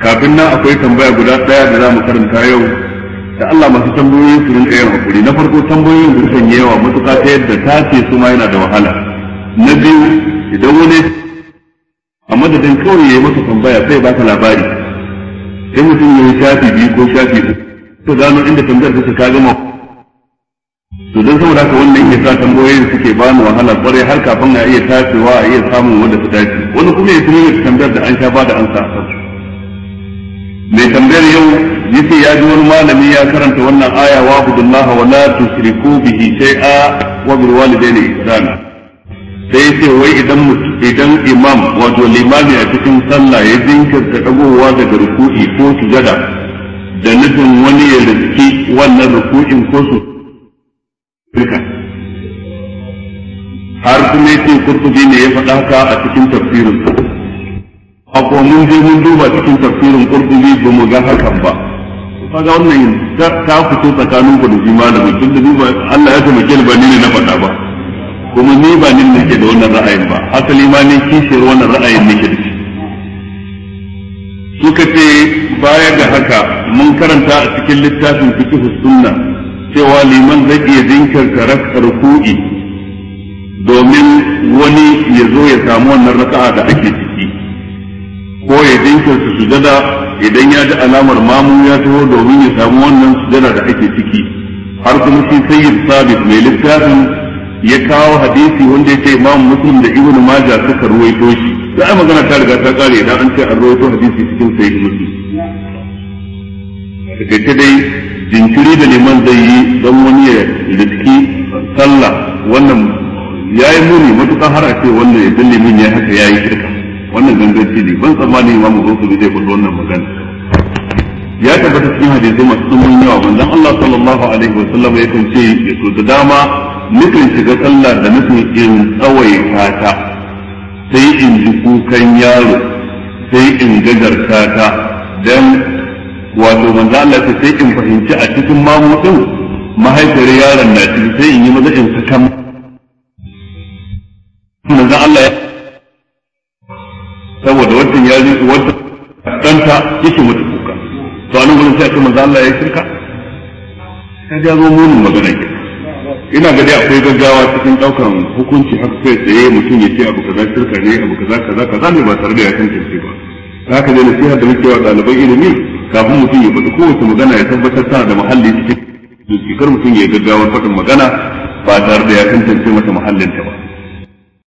kafin nan akwai tambaya guda ɗaya da za mu karanta yau da Allah masu tambayoyin su rinƙa yawan hakuri na farko tambayoyin su kan yawa matuƙa ta yadda ta ce su ma yana da wahala na biyu idan wani a madadin kawai ya yi masa tambaya sai ba ka labari sai mutum ya yi shafi biyu ko shafi uku to gano inda tambayar ta ka gama to don saboda haka wannan ya sa tambayoyin suke ba ni wahala kwarai har kafin a iya tasewa a iya samun wanda su dace wani kuma ya fi tuni tambayar da an sha ba da an a kansu mai tambayar yau yace ya ji wani malami ya karanta wannan aya wa abdullah wa la tushriku bihi shay'a wa bil walidayni ihsana sai yace wai idan idan imam wato limami a cikin sallah ya jinkirta dagowa daga ruku'i ko sujada da nufin wani ya riski wannan ruku'in ko su har kuma yace kurkuji ne ya faɗa ka a cikin tafsirin ko mun je mun duba cikin tafsirin tafsirin qurtubi ba mu ga hakan ba kaga wannan ta fito tsakanin ku da shi malamin tun da ba Allah ya ni ba ni ne na faɗa ba kuma ni ba ni da wannan ra'ayin ba asali ma ne kishiyar wannan ra'ayin nake da shi suka ce baya ga haka mun karanta a cikin littafin fiqh sunna cewa liman zai iya jinkirta rakar ku'i domin wani ya zo ya samu wannan raka'a da ake ciki ko ya jinkirta sujada idan ya ji alamar mamu ya taho domin ya samu wannan sujada da ake ciki har kuma shi sayyid sabit mai littafin ya kawo hadisi wanda ya yake imamu muslim da ibn majah suka ruwaito shi da ai magana ta riga ta kare idan an ce an ruwaito hadisi cikin sayyid muslim daga dai jinkiri da liman zai yi don wani ya litki sallah wannan ya yi muni matuƙa har a ce wannan ya min ya haka ya yi shirka wannan ganganci ne ban tsammani ma mu su zai faɗi wannan magana ya tabbata cikin hadisi masu tsumin yawa manzon Allah sallallahu alaihi wa sallam ya kan ya so da dama nukan shiga sallah da nufin in tsawaita ta sai in ji kukan yaro sai in gajarta ta dan wato manzo Allah sai in fahimci a cikin mamudin mahaifiyar yaron na ciki sai in yi maza in saka saboda wancan ya ji wancan danta yake mutu kuka to a gurin sai kuma manzo Allah ya shirka ta ga zo munin magana ke ina ga dai akwai gaggawa cikin daukan hukunci haka kai tsaye mutum ya ce abu kaza shirka ne abu kaza kaza kaza ne ba tare da ya tantance ba haka ne nasiha da muke wa ɗaliban ilimi kafin mutum ya faɗi kowace magana ya tabbatar tana da muhalli cikin dukkan mutum ya gaggawar faɗin magana ba tare da ya tantance mata muhallinta ba